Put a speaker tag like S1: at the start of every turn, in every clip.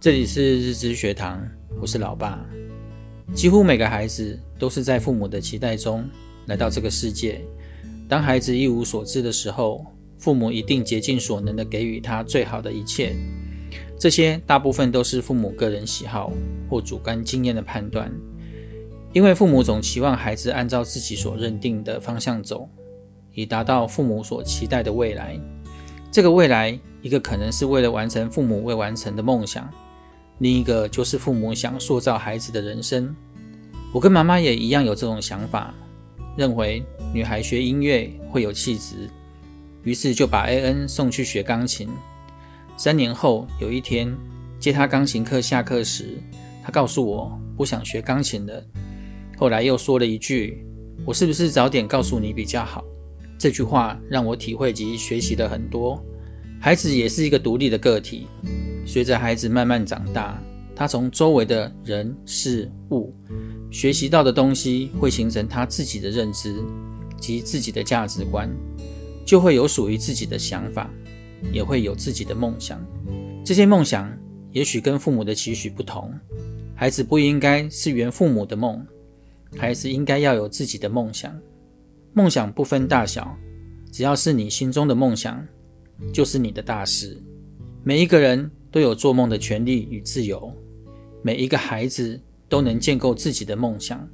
S1: 這裡是日知學堂，我是老爸。幾乎每個孩子都是在父母的期待中來到這個世界。當孩子一無所知的時候，父母一定竭盡所能地給予他最好的一切。這些大部分都是父母個人喜好或主觀經驗的判斷，因為父母總期望孩子按照自己所認定的方向走，以達到父母所期待的未來。這個未來，一個可能是為了完成父母未完成的夢想。另一個就是父母想塑造孩子的人生。我跟媽媽也一樣有這種想法，認為女孩學音樂會有氣質，於是就把 A.N 送去學鋼琴。三年後，有一天接她鋼琴課下課時，她告訴我不想學鋼琴了。後來又說了一句：“我是不是早點告訴你比較好？”這句話讓我體會及學習了很多。孩子也是一個獨立的個體。隨着孩子慢慢長大，他從周圍的人事物學習到的東西，會形成他自己的認知及自己的價值觀，就會有屬於自己的想法，也會有自己的夢想。這些夢想也許跟父母的期許不同，孩子不應該是圓父母的夢，孩子應該要有自己的夢想。夢想不分大小，只要是你心中的夢想，就是你的大事。每一個人。都有做夢的權利與自由，每一個孩子都能建構自己的夢想。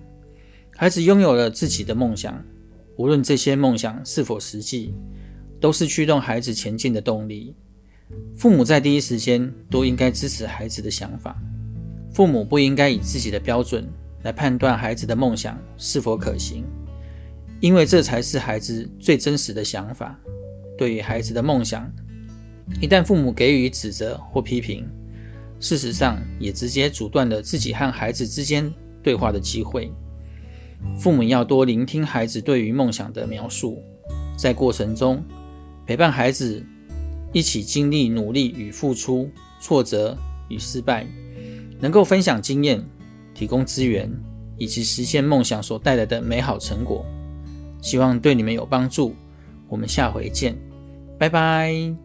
S1: 孩子擁有了自己的夢想，無論這些夢想是否實際，都是驅動孩子前進的動力。父母在第一時間都應該支持孩子的想法，父母不應該以自己的標準來判斷孩子的夢想是否可行，因為這才是孩子最真實的想法。對於孩子的夢想。一旦父母給予指責或批評，事實上也直接阻斷了自己和孩子之間對話的機會。父母要多聆聽孩子對於夢想的描述，在過程中陪伴孩子一起經歷努力與付出、挫折與失敗，能夠分享經驗、提供資源以及實現夢想所帶來的美好成果。希望對你們有幫助，我們下回見，拜拜。